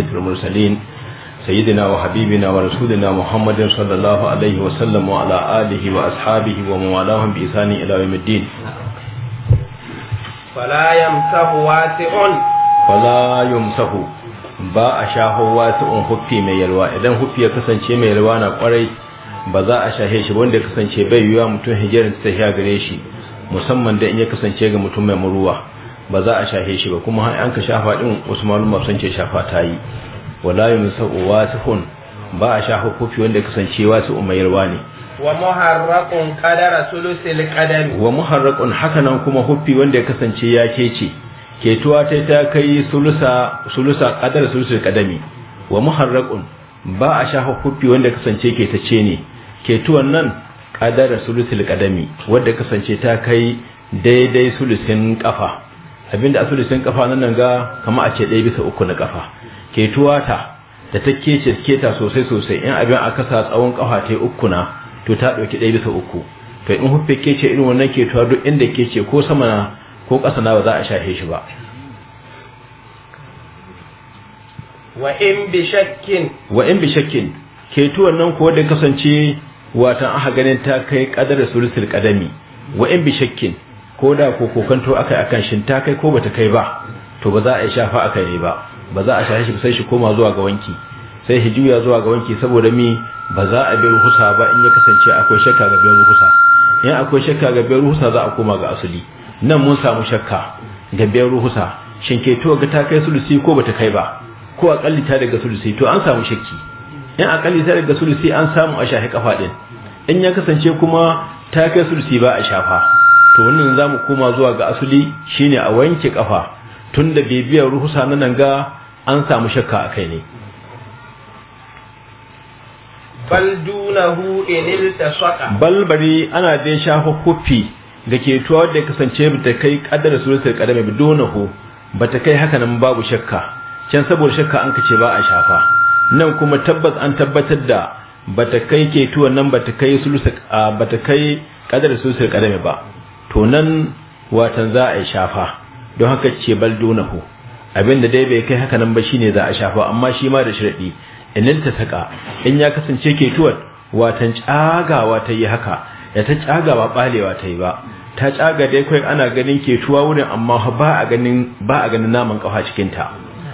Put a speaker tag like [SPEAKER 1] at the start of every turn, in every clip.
[SPEAKER 1] سيد المرسلين سيدنا وحبيبنا ورسولنا محمد صلى الله عليه وسلم وعلى آله وأصحابه وموالاهم بإحسان إلى يوم الدين
[SPEAKER 2] فلا يمسه واسع
[SPEAKER 1] فلا يمسه با a shaho wasu'un huffi mai yalwa idan huffi ya kasance mai yalwa na kwarai ba za a shahe shi wanda ya kasance bai yiwuwa mutum hijirin ta gare shi musamman da in ya kasance ga mutum mai muruwa ba za a shahe shi ba kuma an ka shafa din wasu malumma sun ce shafa ta yi wala wa wasihun ba a shafa kofi wanda kasance wasu mayarwa ne
[SPEAKER 2] wa muharraqun qadara sulusil qadami
[SPEAKER 1] wa muharraqun hakanan kuma hufi wanda ya kasance ya kece ketuwa ta ta kai sulusa sulusa qadara sulusil qadami wa muharraqun ba a shafa hufi wanda kasance ke ce ne tuwan nan qadara sulusil qadami wanda kasance ta kai daidai sulusin kafa abinda san kafa nan nan ga kama a ce ɗaya bisa uku na kafa ketuwa ta da ta kece keta sosai sosai in abin a kasa tsawon kafa ta uku na to ta ɗauki ɗaya bisa uku to in huffe kece irin wannan ketuwa duk inda kece ko sama na ko ƙasa na ba za a shahe shi ba
[SPEAKER 2] wa in bi shakkin
[SPEAKER 1] wa in bi shakkin nan ko da kasance watan aka ganin ta kai kadar sulusul kadami wa in bi shakkin ko da ko kokanto akai akan shin ta kai ko bata kai ba to ba za a shafa akai ne ba ba za a shafa shi sai shi koma zuwa ga wanki sai shi juya zuwa ga wanki saboda mi ba za a bi ruhusa ba in ya kasance akwai shakka ga biyar ruhusa in akwai shakka ga biyar ruhusa za a koma ga asali nan mun samu shakka ga biyar ruhusa shin ke to ga ta kai sulusi ko bata kai ba ko akalli ta daga sulusi to an samu shakki in akalli ta daga sulusi an samu a shafi kafa din in ya kasance kuma ta kai sulusi ba a shafa to wannan za mu koma zuwa ga asali shine a wanke kafa tunda da bibiyar ruhusa na nan ga an samu shakka a kai ne
[SPEAKER 2] bal dunahu inil
[SPEAKER 1] bal bari ana dai shafa kofi da ke tuwa da kasance ta kai kaddara suratul qadami ba bata kai haka nan babu shakka can saboda shakka an kace ba a shafa nan kuma tabbas an tabbatar da bata kai ke tuwa nan bata kai bata kai ƙadar suratul qadami ba to nan watan za a shafa don haka ce bal dunahu abinda dai bai kai haka nan ba shine za a shafa amma shi ma da shirɗi in ta saka in ya kasance ke tuwar watan tsagawa ta yi haka ya ta tsagawa balewa ta yi ba ta caga dai kai ana ganin ke tuwa wurin amma ba a ganin ba a ganin naman kafa cikin ta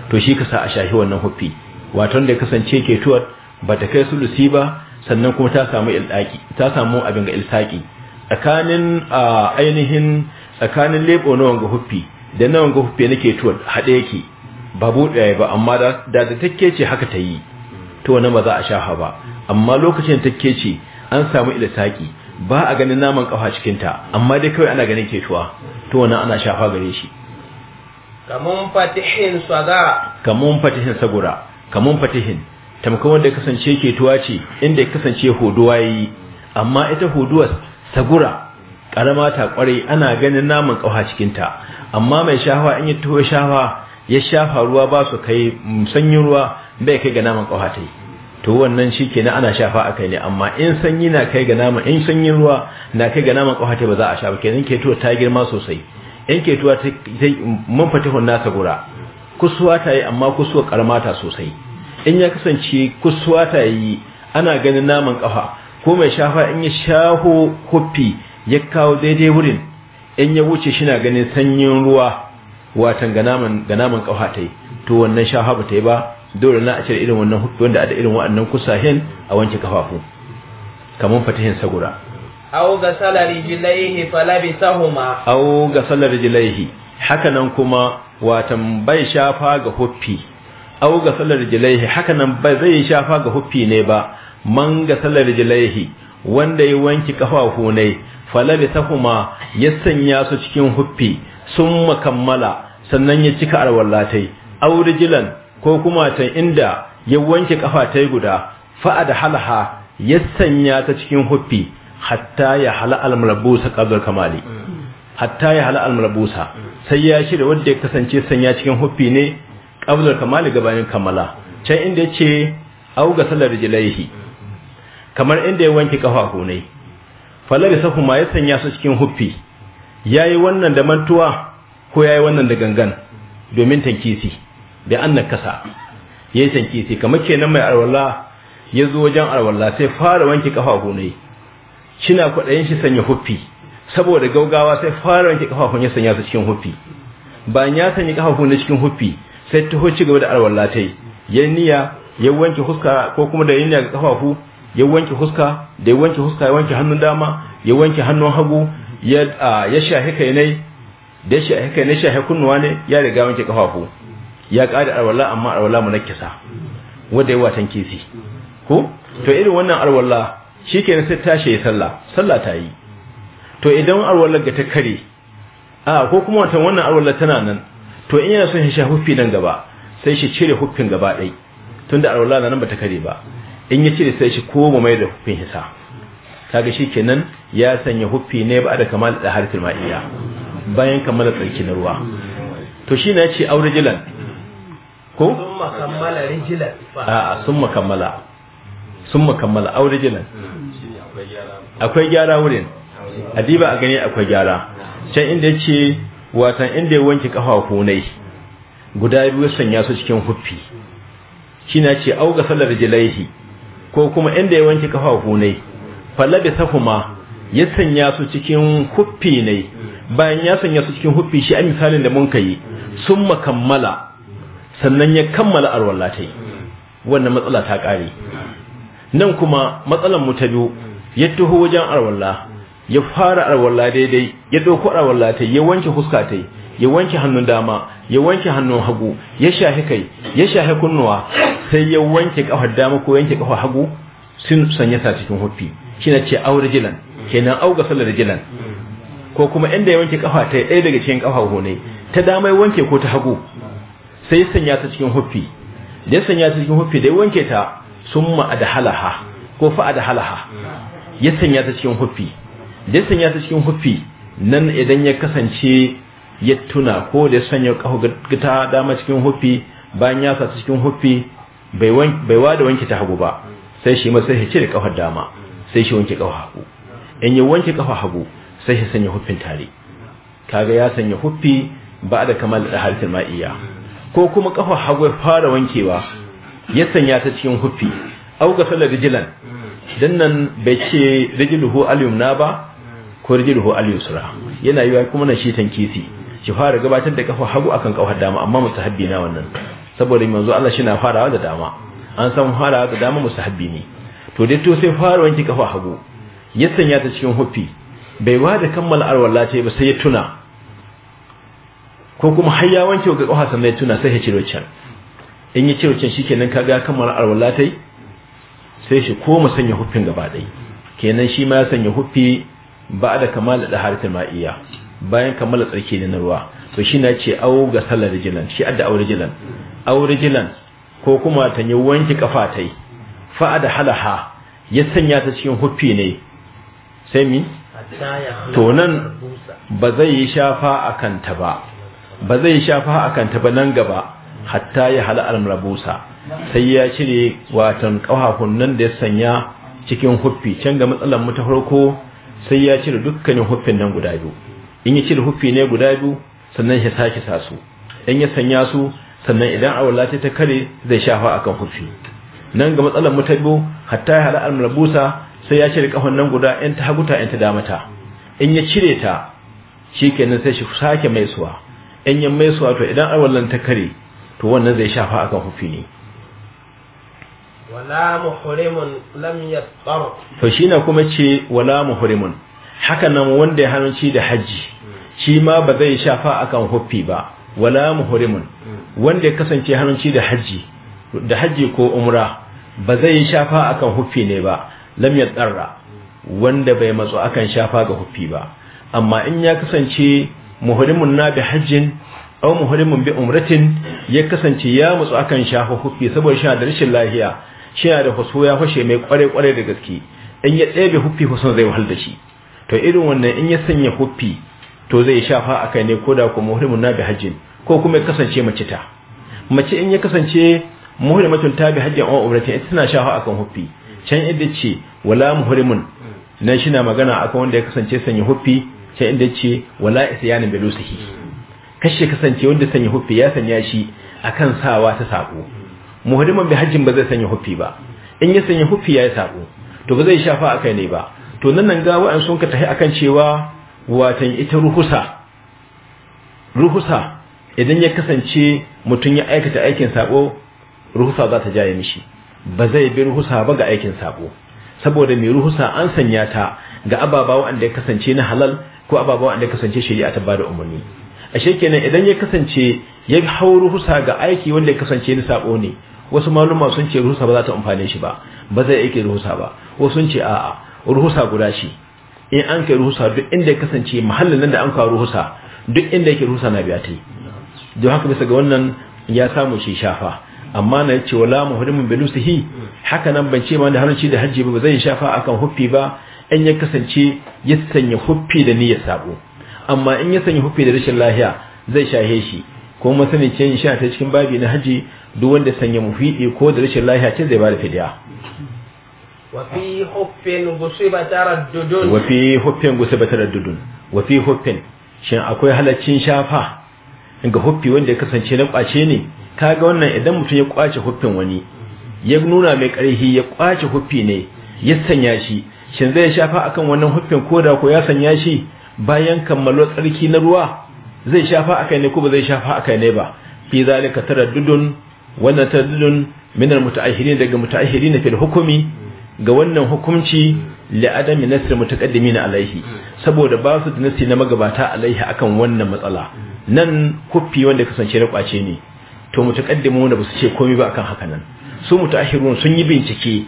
[SPEAKER 1] to shi kasa a shahi wannan huffi watan da kasance ke tuwar ba ta kai sulusi ba sannan kuma ta samu iltaki ta samu abin ga iltaki tsakanin ainihin tsakanin lebo na wanga huffi da na wanga huffi nake tuwa haɗe yake ba buɗe ba amma da da take ce haka ta yi to wani ba za a sha ba amma lokacin take ce an samu ila ilisaki ba a ganin naman kafa cikin ta amma dai kawai ana ganin ketuwa to wani ana shafa gare shi
[SPEAKER 2] kamun fatihin sagara
[SPEAKER 1] kamun fatihin sagura kamun fatihin tamkon wanda kasance ketuwa ce inda ya kasance hoduwa yi amma ita hoduwar Sagura, karama ta kwarai ana ganin naman kauha cikinta amma mai shafa in ya tuwo shafa ya shafa ruwa ba su kai mm, sanyin ruwa bai kai ga naman kauha ta to wannan shi kenan ana shafa a kai ne amma in sanyi na kai ga namun in sanyin ruwa na kai ga naman kauha ta ba za a shafa kenan tuwa ta girma sosai in tuwa ta mun hunna ta gura kusuwa ta yi amma kusuwa karama ta sosai in ya kasance kusuwa ta yi ana ganin naman kafa ko mai shafa in ya shaho huffi ya kawo daidai wurin in ya wuce shi na ganin sanyin ruwa watan ga naman ta yi to wannan shafa ba ta yi ba dole na a cire irin wannan hukki wanda a da irin waɗannan kusahen a wanke kafafu kamar fatihin sagura
[SPEAKER 2] au ga rijlaihi jilaihi
[SPEAKER 1] aw gasala hakanan kuma watan bai shafa ga huffi aw gasala rijlaihi hakanan bai zai shafa ga huffi ne ba man salar jilaihi wanda ya wanki kafafu ne kuma ya sanya su cikin huffi sun makammala sannan ya cika arwallatai Auri jilan ko kuma ta inda ya wanke kafatai guda fa'ad halaha ya sanya ta cikin huffi hatta ya hala almarabusa qabl kamali hatta ya hala almarabusa sai ya shirya wanda ya kasance sanya cikin huffi ne qabl kamali gabanin kamala can inda yace auga salar jilaihi kamar inda ya wanke kafafu ne falabisa kuma ya sanya su cikin huffi yayi wannan da mantuwa ko yayi wannan da gangan domin tankisi da annan kasa yayi tankisi kamar kenan mai alwala ya zo wajen alwala sai fara wanke kafafu ne kina kwadayin shi sanya huffi saboda gaugawa sai fara wanke kafafun ya sanya su cikin huffi bayan ya sanya kafafu ne cikin huffi sai ta ci gaba da alwala tai yayin niyya ya wanke huska ko kuma da yin ga kafafu ya wanke huska da ya wanke huska ya wanke hannun dama ya wanke hannun hagu ya ya shahe kai ne da shahe kai ne shahe kunnuwa ne ya riga wanke kafafu ya ƙara alwala amma arwalla munakkisa wanda ya watan kisi ko to irin wannan alwala shikenan sai tashi ya sallah sallah ta yi to idan alwala ga ta kare a ko kuma wata wannan alwala tana nan to in yana son ya sha huffi nan gaba sai shi cire huffin gaba ɗai tunda alwala nan ba ta kare ba in ya cire sai shi mu mai da hufin hisa kaga kenan ya sanya huffi ne ba da kamal da harfin ma'iya bayan kammala tsarki na ruwa to shi na ce aure jilan ko sun
[SPEAKER 2] makammala
[SPEAKER 1] sun makammala sun aure jilan akwai gyara wurin adiba a gani akwai gyara can inda ce watan inda ya wanke kafa hunai guda biyu sanya su cikin huffi shi na ce auga sallar jilaihi ko kuma inda ya wanke kafafu ne falabisahuma ya sanya su cikin huffi ne bayan ya sanya su cikin huffi shi a misalin da mun kai sun makammala sannan ya kammala arwallatai wannan matsala ta kare nan kuma matsalan mu ta biyu ya taho wajen arwalla ya fara arwalla daidai ya ɗauko arwallatai ta ya wanke fuska ta ya wanke hannun dama ya wanke hannun hagu ya shahi kai ya shahi kunnuwa sai ya wanke kafar dama ko yanke kafar hagu sun sanya sa cikin hufi. shine ce aure jilan kenan auga sallar jilan ko kuma inda ya wanke kafa ta ɗaya daga cikin kafa hone ta dama ya wanke ko ta hagu sai ya sanya ta cikin hufi da sanya ta cikin hufi da ya wanke ta summa adhalaha ko fa adhalaha ya sanya ta cikin hufi da sanya ta cikin hufi nan idan ya kasance ya tuna ko da ya sanya kawo gita dama cikin hufi bayan ya sa cikin hufi bai wada wanke ta hagu ba sai shi ma sai ya cire kafar dama sai shi wanke kafa hagu in ya wanke kafa hagu sai ya sanya hufin tare kaga ya sanya hufi ba da kamar da harfin ma'iya ko kuma kafa hagu ya fara wankewa ya sanya ta cikin hufi au sallar rijilan dan nan bai ce rijiluhu al-yumna ba ko rijiluhu al-yusra yana yiwa kuma na shi tankisi ki fara gabatar da kafa hagu akan kafar dama amma mustahabbi na wannan saboda manzo Allah shi na farawa da dama an san farawa da dama mustahabbi ne to dai to sai farawa ki kafa hagu ya sanya ta cikin hufi bai ba da kammala arwala ce ba sai ya tuna ko kuma har ya wanke ga kafa sannan ya tuna sai ya ciro can in ya ciro can shikenan kaga kammala arwala ta sai shi koma sanya hufin gaba dai kenan shi ma ya sanya hufi ba da kamala da harta ma'iya bayan kammala tsarki ne na ruwa to shi na ce au ga sallar rijilan shi adda au rijilan au rijilan ko kuma ta yi wanki kafa ta yi fa'a halaha ya sanya ta cikin huffi ne sai mi to nan ba zai yi shafa a kanta ba ba zai yi shafa a kanta ba nan gaba hatta ya hala almarabusa sai ya cire watan kawahun nan da ya sanya cikin huffi can ga matsalar mu ta farko sai ya cire dukkanin huffin nan guda biyu in ya cire huffi ne guda biyu sannan ya sake sa su in ya sanya su sannan idan awalla ce ta kare zai shafa akan huffi nan ga matsalar mu ta biyu hatta ya hada almalabusa sai ya cire kafan nan guda yan ta haguta yan ta damata in ya cire ta nan sai shi sake maisuwa in ya maisuwa to idan awallan ta kare to wannan zai shafa akan huffi ne
[SPEAKER 2] wala muhrimun lam yastar to
[SPEAKER 1] shine kuma ce wala muhrimun haka nan wanda ya hanci da haji shi ma ba zai shafa akan huffi ba wala muhrimun wanda ya kasance hannunci da hajji da haji ko umra ba zai shafa akan huffi ne ba lam tsarra wanda bai matsu akan shafa ga huffi ba amma in ya kasance muhrimun na bi hajjin aw muhrimun bi umratin ya kasance ya matsu akan shafa huffi saboda shi da rashin lafiya shi da husu ya fashe mai kware kware da gaske in ya ɗebe huffi husun zai wahal da shi to irin wannan in ya sanya huffi to zai shafa a kai ne ko da kuma muhrimun na bi hajjin ko kuma ya kasance mace ta mace in ya kasance muhrimatun ta bi hajjin aw umrata ita tana shafa akan huffi can inda ce wala muhrimun nan shi na magana akan wanda ya kasance sanya huffi can inda ce wala isyanin bilusihi kashe kasance wanda sanya huffi ya sanya shi akan sawa ta sako muhrimun bi hajjin ba zai sanya huffi ba in ya sanya huffi ya yi sako to ba zai shafa akai ne ba to nan nan ga wa'an sun ka tafi akan cewa watan ita ruhusa ruhusa idan ya kasance mutum ya aikata aikin sako, ruhusa za ta jaye mishi ba zai bi ruhusa ba ga aikin sako. saboda mai ruhusa an sanya ta ga ababa wanda ya kasance na halal ko ababa wanda ya kasance shari'a ta bada umarni ashe kenan idan ya kasance ya hau ruhusa ga aiki wanda ya kasance na sako ne wasu maluma sun ce ruhusa ba za ta amfane shi ba ba zai aiki ruhusa ba wasu sun ce a'a ruhusa guda shi in an kai ruhusa duk inda ya kasance mahallin nan da an kawo ruhusa duk inda yake ruhusa na biya ta yi don haka bisa ga wannan ya samu shi shafa amma na yace wala muhrimun bi lusihi haka nan ban ce ma da haranci da hajji ba zai shafa akan huffi ba in ya kasance ya sanya huffi da niyyar sabo amma in ya sanya huffi da rashin lahiya zai shahe shi ko mun ce in sha ta cikin babi na hajji duk wanda sanya mufidi ko da rashin lahiya ce zai ba da fidiya
[SPEAKER 2] وفي حف غصب تردد وفي
[SPEAKER 1] حف غصب تردد وفي shin akwai halaccin shafa ga huffi wanda ya kasance na kwace ne kaga wannan idan mutum ya kwace huffin wani ya nuna mai karhi ya kwace huffi ne ya sanya shi shin zai shafa akan wannan huffin ko da ko ya sanya shi bayan kammalo tsarki na ruwa zai shafa akai ne ko ba zai shafa akai ne ba fi zalika taraddudun wannan taraddudun min al-muta'ahhirin daga mutaahirin fil hukumi ga wannan hukunci adami nasr mutaqaddimin alaihi saboda ba su da nasi na magabata alaihi akan wannan matsala nan kuffi wanda kasance na kwace ne to mutaqaddimu da ba su ce komai ba akan haka nan su mutaahirun sun yi bincike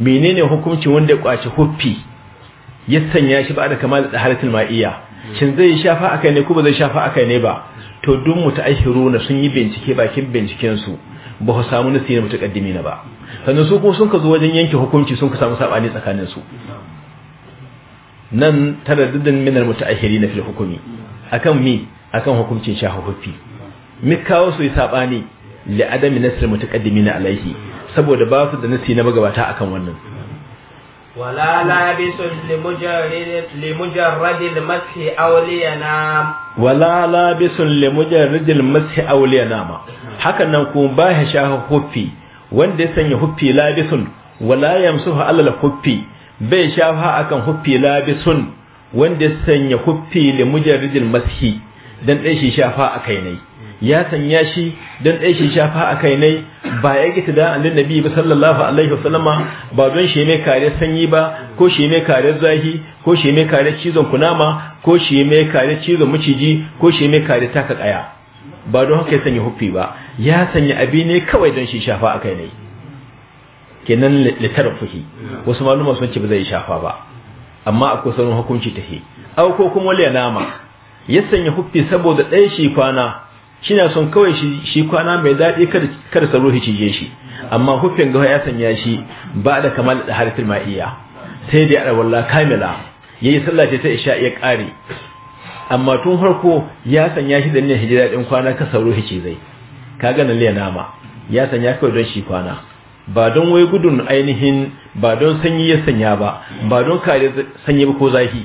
[SPEAKER 1] menene hukunci wanda kwace kuffi ya sanya shi ba da kamal da halatul ma'iyya shin zai shafa akai ne ko ba zai shafa akai ne ba to duk mutaahiruna sun yi bincike bakin binciken su ba su samu nasi na mutaqaddimin ba sannan su ko sun ka zo wajen yanke hukunci sun ka samu sabani tsakanin su nan taraddudin min almutaakhiri na fil hukumi akan mi akan hukuncin shahuhufi mi kawo su sabani li adami nasr mutaqaddimin alaihi saboda ba su da nasi na magabata akan wannan
[SPEAKER 2] ولا لابس لمجرد لمجرد المسح او لينام
[SPEAKER 1] ولا li لمجرد المسح او ma, hakan nan kuma ba ya shafa huffi wanda ya sanya huffi labisun wala yamsuhu alal huffi bai shafa akan huffi labisun wanda ya sanya huffi li mujarridil mashi dan dai shi shafa akai ne ya sanya shi dan dai shi shafa akai ne ba ya gita da annabi ba sallallahu alaihi wasallama ba don shi mai kare sanyi ba ko shi mai kare zahi ko shi mai kare cizon kunama ko shi mai kare cizon maciji ko shi mai kare taka kaya ba don haka ya sanya huffi ba ya sanya abi ne kawai don shi shafa a kai ne kenan fuhi wasu maluma sun ce ba zai shafa ba amma akwai sanin hukunci ta he au kuma wale nama ya sanya huffi saboda ɗaya shi kwana shi na son kawai shi kwana mai daɗi kada sa ruhi cije shi amma huffin gawa ya sanya shi ba da kamar da harfin ma'iya sai da ya walla kamila ya yi ce ta isha ya ƙare amma tun farko ya sanya shi da niyyar hijira din kwana ka sauro shi zai kaga nan liya nama ya sanya kawai don shi kwana ba don wai gudun ainihin ba don sanyi ya sanya ba ba don kare sanyi ba ko zafi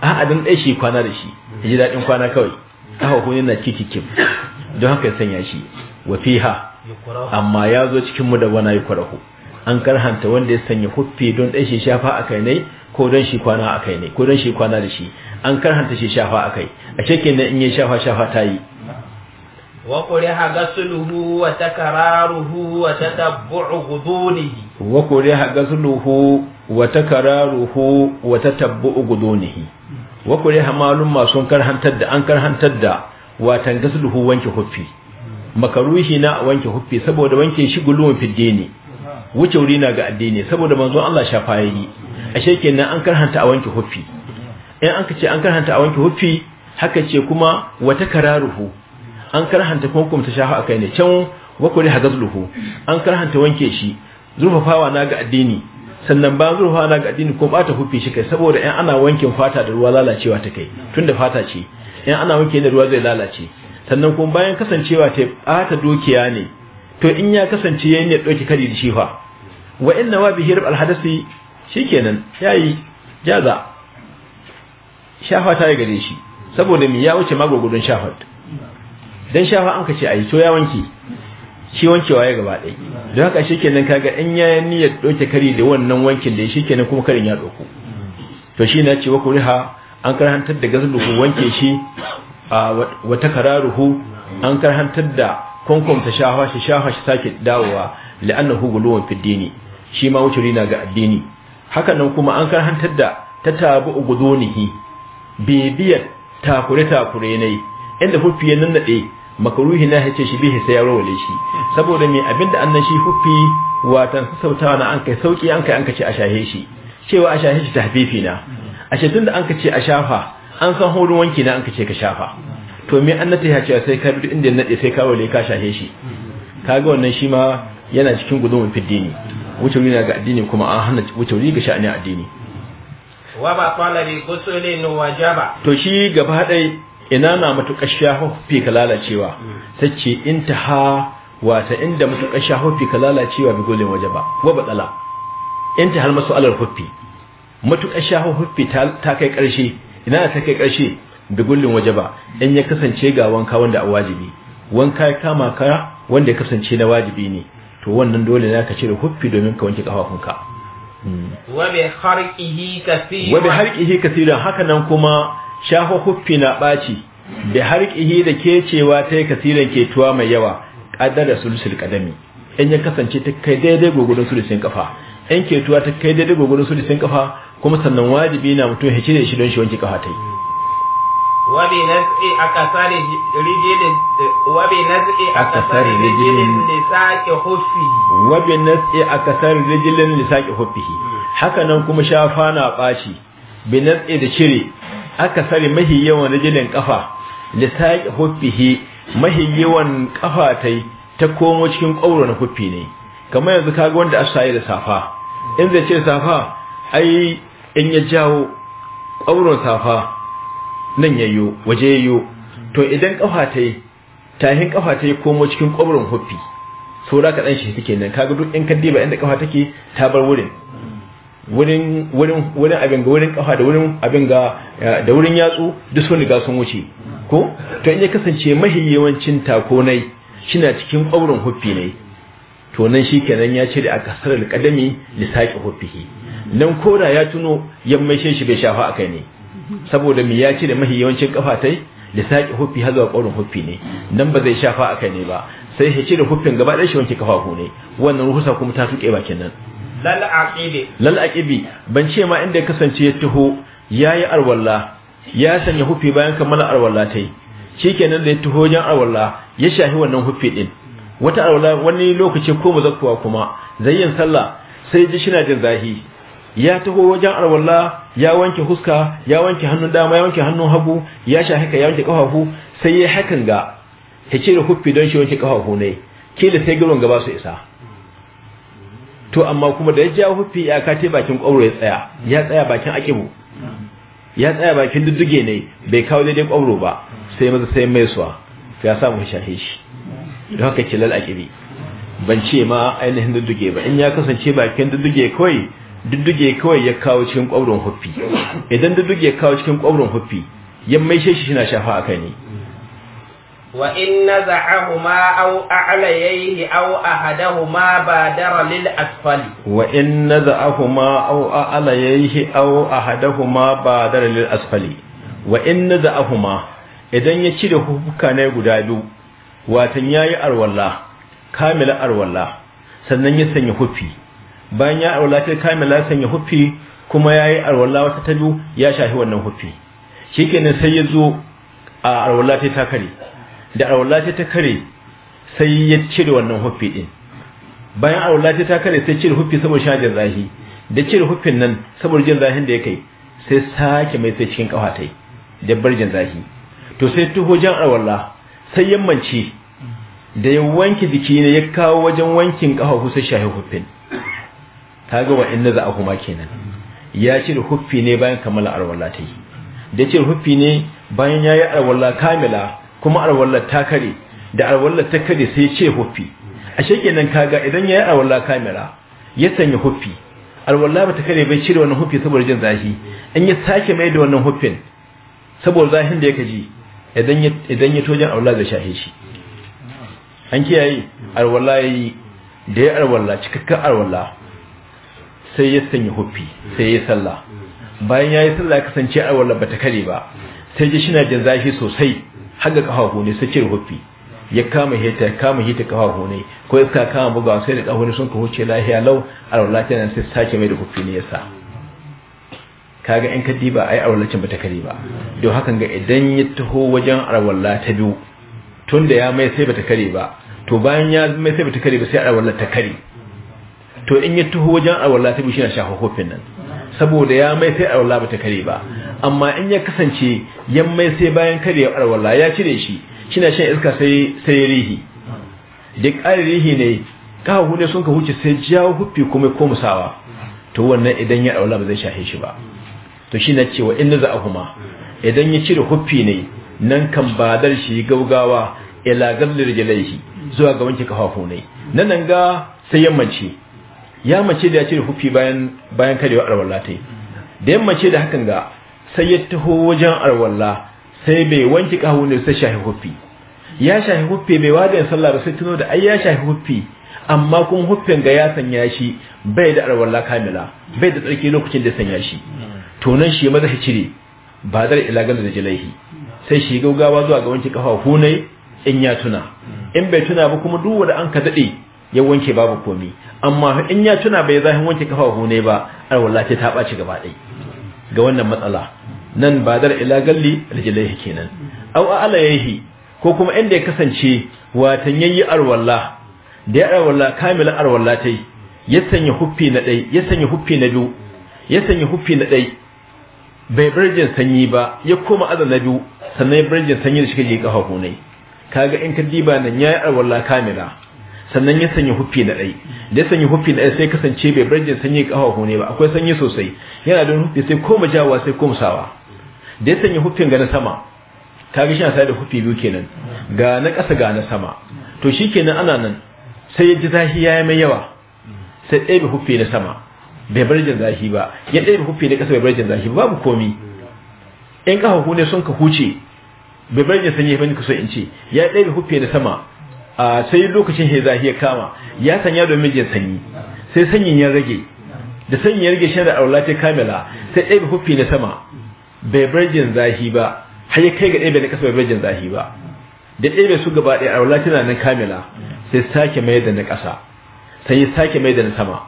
[SPEAKER 1] a don ɗai shi kwana da shi hijira din kwana kawai kawo hunin na kikikim don haka ya sanya shi wa fiha amma ya zo cikin mu da wani yi kwarahu an karhanta wanda ya sanya huffi don ɗan shi shafa a kai ne ko don shi kwana a kai ne ko don shi kwana da shi an karhanta shi shafa a kai a shekin nan in yi shafa shafa ta yi
[SPEAKER 2] وقرح غسله وتكراره وتتبع غضونه
[SPEAKER 1] وقرح غسله وتكراره وتتبع wa وقرح ha ما masu karhantar da an karhantar da watan gasluhu wanke huffi makaruhi na wanke huffi saboda wanke shi gulumin fidde ne wuce wuri na ga addini saboda manzon Allah shafa yayi ashe kenan an karhanta a wanke huffi in an kace an karhanta a wanke huffi haka ce kuma wata kararuhu an karhanta kuma kuma ta shafa kai ne can wakuri hagazluhu an karhanta wanke shi zurfafawa na ga addini sannan ba zurfafawa na ga addini ba bata huffi shi kai saboda in ana wankin fata da ruwa lalacewa ta kai tunda fata ce in ana wanke da ruwa zai lalace sannan kuma bayan kasancewa ta bata dukiya ne to in ya kasance yayin ya dauki kari da shi fa wa inna wa bihi rib alhadasi shikenan yayi jaza shafa ta gare shi saboda mi ya wuce magogudun shafa dan shafa an kace ai to ya wanke shi wankewa ya gaba ɗaya don haka shikenan kaga in ya niyyar doke kari da wannan wankin da shikenan kuma karin ya doko to shi na ce ku riha an karhantar da gazluhu wanke shi wa takararuhu an karhantar da kunkum ta shafa shi shafa shi sake dawowa la'ana guluwan fiddini shi ma wuce na ga addini haka nan kuma an karhantar da ta tabu ugudunihi bibiyar takure takure ne inda fuffi ya nannade makaruhi na yace shi bihi sai ya rawale shi saboda me abinda annan shi huffi watan sautawa na an kai sauki an kai an kace a shahe shi cewa a shahe shi tahfifi na a ashe da an kace a shafa an san horon wanki na an kace ka shafa to me an nata ya ce sai ka bi inda nade sai ka wale ka shahe shi kaga wannan shi ma yana cikin gudun fiddini wuce wuri ga addini kuma an hana wuce wuri ga a addini
[SPEAKER 2] wa ba qala li ghusulin wajaba
[SPEAKER 1] to shi gaba dai ina na matukar shahofi ka lalacewa hmm. tace intaha wata inda matukar shahofi ka lalacewa bi golin wajaba wa badala inta hal masu alar huffi matukar huffi ta kai karshe ina ta kai karshe da gullin waje ba in ya kasance ga wanka wanda a wajibi wanka ya kama ka wanda ya kasance na wajibi ne to wannan dole za ka cire huffi domin ka wanke kafafunka
[SPEAKER 2] hmm. wa bi harqihi kaseeran
[SPEAKER 1] wa haka nan kuma shafa huffi na baci da harqihi da kecewa tai ke ketuwa mai yawa qaddara sulsul qadami in ya kasance ta kai daidai gogudun sulusin kafa in ketuwa ta kai daidai gogudun sulusin kafa kuma sannan wajibi na mutum ya cire shi don shi wanke kafa tai
[SPEAKER 2] وبنزع أكثر رجل وبنزع أكثر رجل لساق خفه
[SPEAKER 1] وبنزع أكثر da لساق خفه haka nan kuma shafa na ɓaci binatse da cire aka sare mahi yawan rijilin kafa lisaqi hufi mahi yawan kafa tai ta komo cikin ƙauro na hufi ne kamar yanzu kaga wanda asaye da safa in zai cire safa ai in ya jawo ƙauron safa nan yayyo waje yayyo to idan kafa ta yi tahin kafa ta yi komo cikin kwabrin huffi saura ka dan shi take nan kaga duk in kaddi ba inda kafa take ta bar wurin wurin abin ga wurin kafa da wurin abin ga eh, da wurin yatsu duk sun riga sun wuce ko to in ya kasance mahi yawancin takonai shina cikin kwabrin hufi ne to nan shi kenan ya ce da sarar kadami lisaqi huffihi nan koda ya tuno yammaishe shi bai shafa akai ne saboda mi ya ce da mahi yawancin kafa kafatai da saki huffi har ƙorin huffi ne dan ba zai shafa akai ne ba sai ya da hufin gaba ɗaya shi wanke kafafu ne wannan ruhusa kuma ta tuke bakin nan
[SPEAKER 2] lal aqibi lal
[SPEAKER 1] aqibi ban ce ma inda ya kasance ya taho yayi arwalla ya sanya hufi bayan kammala arwalla tai kenan da ya taho wajen arwalla ya shahi wannan huffi din wata arwalla wani lokaci ko mazakuwa kuma zai yin sallah sai ji shi na jin zahi ya taho wajen arwalla ya wanke huska ya wanke hannun dama ya wanke hannun hagu ya sha haka ya wanke kafafu sai ya hakan ga ya cire huffi don shi wanke kafafu ne kila sai gwiwan gaba su isa to amma kuma da ya ja huffi ya kace bakin kwabro ya tsaya ya tsaya bakin akibu ya tsaya bakin dudduge ne bai kawo daidai kwabro ba sai maza sai mai suwa ya samu shahe shi don haka kilal akibi ban ce ma ainihin dudduge ba in ya kasance bakin dudduge kawai dudduge kawai ya kawo cikin kwauron huffi idan dudduge ya kawo cikin kwauron huffi ya maishe shi shina shafa a kai ne
[SPEAKER 2] wa in naza'ahuma aw a'layhi aw ma badara
[SPEAKER 1] lil asfali wa in naza'ahuma aw a'layhi aw ma badara lil asfali wa in ma idan ya cire hukuka ne guda biyu watan yayi arwalla kamila arwalla sannan ya sanya huffi bayan ya alwala ta kamila ya huffi kuma ya yi alwala wata ta biyu ya shafi wannan huffi kenan sai ya zo a alwala ta ta kare da alwala ta ta kare sai ya cire wannan huffi din bayan alwala ta ta kare sai cire huffi saboda shajin zahi da cire huffin nan saboda jin zahin da ya kai sai sake mai sai cikin kafa tai da barjin zahi to sai tuho jan alwala sai yammanci da ya wanke jiki ne ya kawo wajen wankin kafa kusa shahi huffin kaga wa'in na za'a kuma kenan ya cire huffi ne bayan kammala arwalla ta yi da cire huffi ne bayan ya yi arwalla kamila kuma arwalla ta kare da arwalla ta kare sai ce huffi a ka kaga idan ya yi arwalla kamila ya sanya huffi arwalla ba ta kare bai cire wannan huffi saboda jin zafi in ya sake mai da wannan huffin saboda zafin da ya ji idan ya tojin arwalla zai shahe shi an kiyaye arwalla ya yi da ya arwalla cikakken arwalla sai ya sanya hufi sai ya sallah bayan ya yi ya kasance a wala bata kare ba sai ji shina jin zafi sosai har ga kafafu ne sai cire hufi ya kama hita ya kama hita kafafu ne ko iska kama buga sai da kafafu sun ka huce lahiya lau a wallah nan sai sake mai da hufi ne ya sa kaga in ka diba ai a wallacin bata kare ba don hakan ga idan ya taho wajen arwalla ta biyu tunda ya mai sai bata kare ba to bayan ya mai sai bata kare ba sai arwallar ta kare to in ya taho wajen alwala ta bishi na shafa kofin nan saboda ya mai sai alwala ba ta kare ba amma in ya kasance yan mai sai bayan kare ya alwala ya cire shi na shan iska sai sai rihi da ƙari rihi ne kawo ne sun ka huce sai jawo huffi kuma ko musawa to wannan idan ya alwala ba zai shafe shi ba to shi na cewa in naza kuma, idan ya cire huffi ne nan kan badar shi gaugawa ila gallir jalaihi zuwa ga wanke kafafu ne nan nan ga sai yammanci ya mace da ya cire hufi bayan bayan karewa arwalla ta yi da ya mace da hakan ga sai ya taho wajen arwalla sai bai wanke kahu ne sai shahi hufi ya shahi hufi bai yin sallah ba sai tuno da ai ya shahi hufi amma kuma hufin ga ya sanya shi bai da arwalla kamila bai da tsarki lokacin da sanya shi to nan shi maza shi cire ba zai ila ganda da jilaihi sai shi gaugawa zuwa ga wanke kafa hunai in ya tuna in bai tuna ba kuma duk wanda an ka dade ya wanke babu komi amma in ya tuna bai zahin wanke kafafu ne ba alwala ta ɓaci gaba dai ga wannan matsala nan ba ila galli rijlaihi kenan aw alayhi yahi ko kuma inda ya kasance watan yayi arwalla da ya arwalla kamila arwalla tai ya sanya huffi na dai ya sanya huffi na biyu ya sanya huffi na dai bai birjin sanyi ba ya koma azan na biyu sannan birjin sanyi da shi kaje kafa ne kaga in ka diba nan yayi arwalla kamila sannan ya sanya huffi na ɗai da ya sanya huffi na ɗai sai kasance bai bar jin sanyi ƙafafu ne ba akwai sanyi sosai yana da huffi sai koma jawa sai koma sawa da ya sanya huffin ga na sama ta ga na sai da huffi biyu kenan ga na ƙasa ga na sama to shi kenan ana nan sai ya ji ya yi mai yawa sai ɗaya bai huffi na sama bai bar zahi ba ya ɗaya bai huffi na ƙasa bai bar zahi ba, babu komi in ƙafafu ne sun ka huce bai bar jin sanyi ba ni ka so in ce ya ɗaya bai huffi na sama sai lokacin hezahi ya kama ya sanya domin jin sanyi sai sanyin ya rage da sanyin ya rage shi da aula ta kamila sai ɗaya hufi na sama bai bar jin zahi ba har ya kai ga ɗaya na ƙasa bai bar jin zahi ba da ɗaya su gaba ɗaya aula tana nan kamila sai sake mai da na ƙasa sai ya sake mai da na sama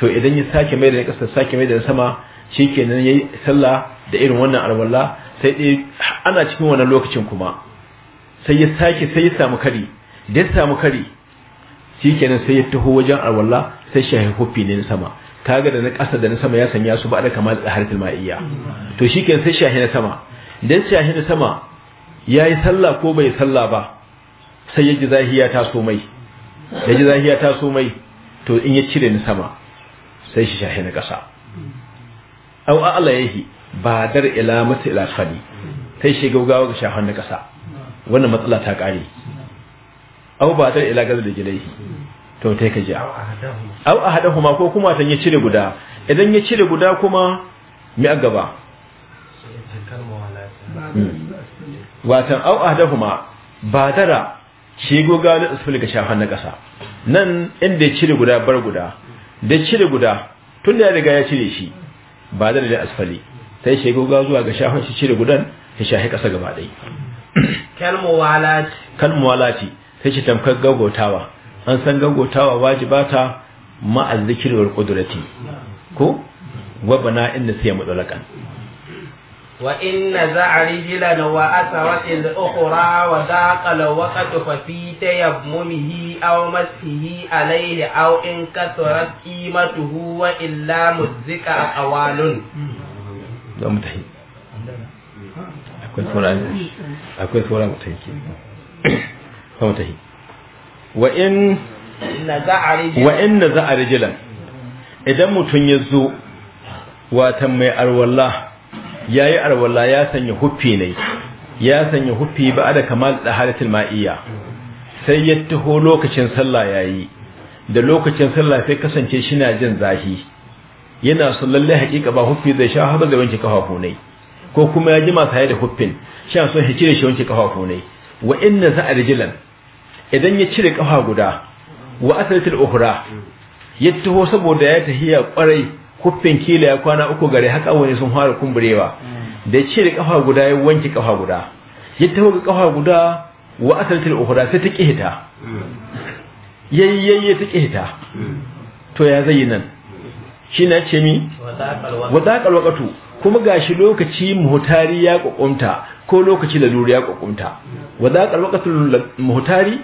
[SPEAKER 1] to idan ya sake mai da na ƙasa sake mai da na sama shikenan yayi sallah da irin wannan alwala sai ɗaya ana cikin wannan lokacin kuma sai ya sake sai ya samu kari da ya samu kari kenan sai ya taho wajen alwala sai shahi hufi ne sama kaga da na ƙasa da na sama ya sanya su ba da kamar da harfin ma'iyya to kenan sai shahi na sama dan shahi na sama yayi sallah ko bai sallah ba sai ya ji zahiya ta so mai ya ji zahiya ta so mai to in ya cire ni sama sai shi shahi na ƙasa au a'la yahi ba dar ila mata ila khali sai shi gaugawa ga shahan na ƙasa wannan matsala ta kare Au ba ta ila da gilaihi to tai ka ji aw kuma ko kuma tan ya cire guda idan ya cire guda kuma mi a gaba watan aw ahadahuma badara shi goga na usul ga shafan na kasa nan inda ya cire guda bar guda da cire guda tun da ya riga ya cire shi badara da asfali sai shi goga zuwa ga shafan shi cire gudan ya shahi kasa gaba ɗaya kalmuwalati ta ce tamkar gaggautawa an san gaggautawa wajibata ma'az zikri wal qudrati ko wa inda inna sai mutlaqan
[SPEAKER 2] wa inna za'rihi lana wa asawatil ukhra wa daqa lawaqatu fa fi tayammumihi alayhi au in kasarat qimatuhu huwa illa muzika zika a akwai sauran
[SPEAKER 1] akwai sauran mutaki fa wa in wa in za'a rijilan idan mutum ya zo watan mai arwalla yayi arwalla ya sanya huffi ne ya sanya huffi ba da kamal da halatul ma'iyya sai ya taho lokacin sallah yayi da lokacin sallah sai kasance shi na jin zahi yana so lallai hakika ba huffi zai sha haba zai wanke kafafu ne ko kuma ya jima saye da huffin shi an so ya cire shi wanke kafafu ne wa inna za a rijilan idan ya cire kafa guda wa asalatul ukhra ya taho saboda ya tahiya kwarai huffin kila ya kwana uku gare haka wani sun fara kumburewa da ya cire kafa guda ya wanke kafa guda ya taho ga kafa guda wa asalatul ukhra sai ta kihita hmm. yayyayye ta kihita hmm. to ya zai nan shi na ce mi wadaƙal waƙatu kuma gashi lokaci muhutari ya ƙwaƙwamta ko lokaci laluri ya ƙwaƙwamta wadaƙal waƙatun muhtari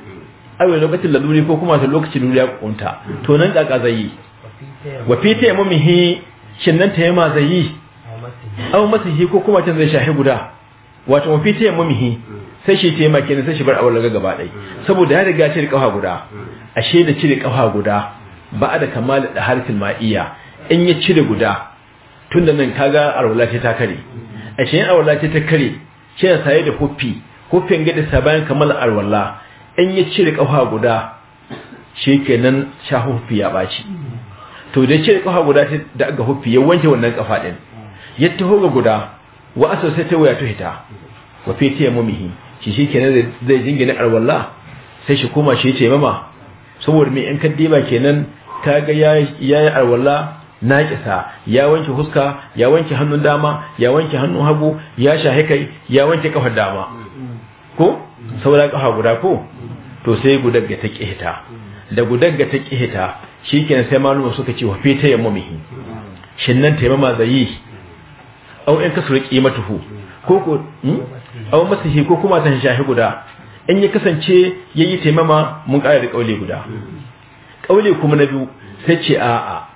[SPEAKER 1] awe lokacin laluri ko kuma lokacin laluri ya ƙwaƙwamta to nan ƙaƙa zai yi wa fita ya mamihi shin nan ta yama zai yi masu masihi ko kuma can zai shahi guda wato wa fita ya mamihi sai shi ta yama kenan sai shi bar awar laga gaba ɗai saboda ya riga cire ƙafa guda ashe da cire ƙafa guda ba a da kamal da harfin ma'iya in ya cire guda tun da nan kaga arwala ce ta kare a shi arwala ce ta kare shi ya saye da huffi huffin gada sa bayan kamar arwala in ya cire kafa guda shi ke nan sha hufi ya baci to da cire kafa guda ta da ya wanke wannan kafa din ya taho ga guda wa asa sai ta waya ta hita wa fi ta mumihi shi shi kenan zai jingina arwala sai shi koma shi ce mama saboda mai yan kaddiba kenan ta ya yi arwala naƙisa ya wanke huska ya wanke hannun dama ya wanke hannun hagu ya shahe kai ya wanke kafar dama ko saura kafa guda ko to sai gudar ga ta ƙihita da gudar ga ta ƙihita shikenan sai maluma suka ce wa fita ya mamihi shin nan taimama zayi au in kasuru qimatuhu ko ko hmm? au masihi ko kuma ta shahe guda in ya kasance yayi taimama mun ƙara da kaule guda kaule kuma na biyu sai ce a'a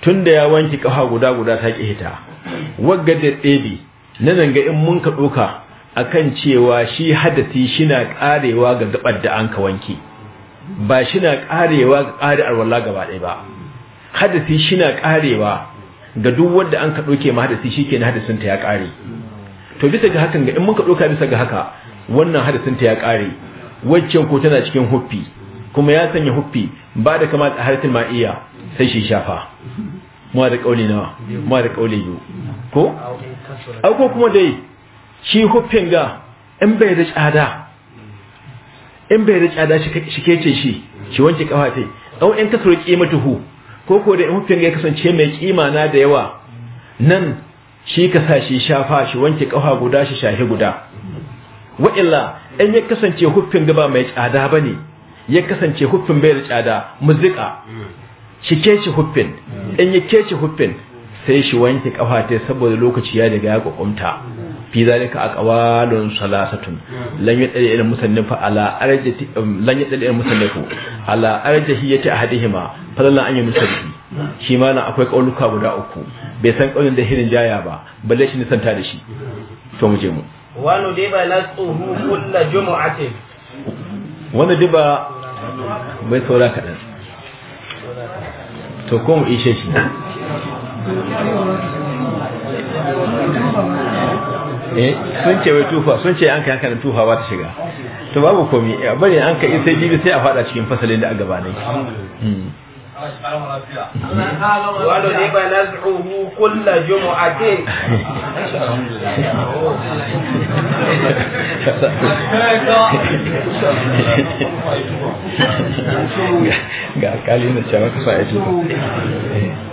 [SPEAKER 1] tun da ya wanki kafa guda guda ta ki hita wagga da ɗebi na zanga in mun ka ɗoka akan cewa shi hadasi shina karewa ga gabar da an ka wanki ba shina karewa ga kare alwala gaba ɗaya ba hadasi shina karewa ga duk wanda an ka ɗoke ma hadasi shikenan hadasin ta ya kare to bisa ga hakan ga in mun ka ɗoka bisa ga haka wannan hadasinta ta ya kare waccan ko tana cikin huffi kuma ya sanya huffi ba da kama da harfin ma'iya sai shi shafa muwa da kauli nawa muwa da kauli biyu ko Aiko kuma dai shi huffin ga in bai da tsada in bai da tsada shi kece shi shi wanke kafa sai. au in kasar kimatuhu ko ko da in huffin ga ya kasance mai kima na da yawa nan shi ka sa shi shafa shi wanke kafa guda shi shahi guda illa in ya kasance huffin gaba mai tsada bane ya kasance huffin bai da tsada muzika shi ke shi huffin in ya shi huffin sai shi wanke kafa ta saboda lokaci ya daga ya kokumta fi zalika aqwalun salasatun lan yadal ila musannifa ala arjiyar shi ya ila musannifu ala arjahi um, yati ahadihima fadlan an shi ma na akwai kauluka guda uku bai san kaulin da hirin jaya ba balle shi nisanta da shi to mu je mu
[SPEAKER 2] wa nudiba latsuhu kullu jumu'atin
[SPEAKER 1] wanda duk ba bai saura kaɗan to ko mu ishe shi
[SPEAKER 3] eh sun ce wai
[SPEAKER 1] tufa sun ce an kai hankalin tufa ba ta shiga to babu komi bari an kai sai jibi sai a fada cikin fasalin da a gabanai hmm.
[SPEAKER 2] wàllu ni bala zuhu kulla jumu
[SPEAKER 3] ake.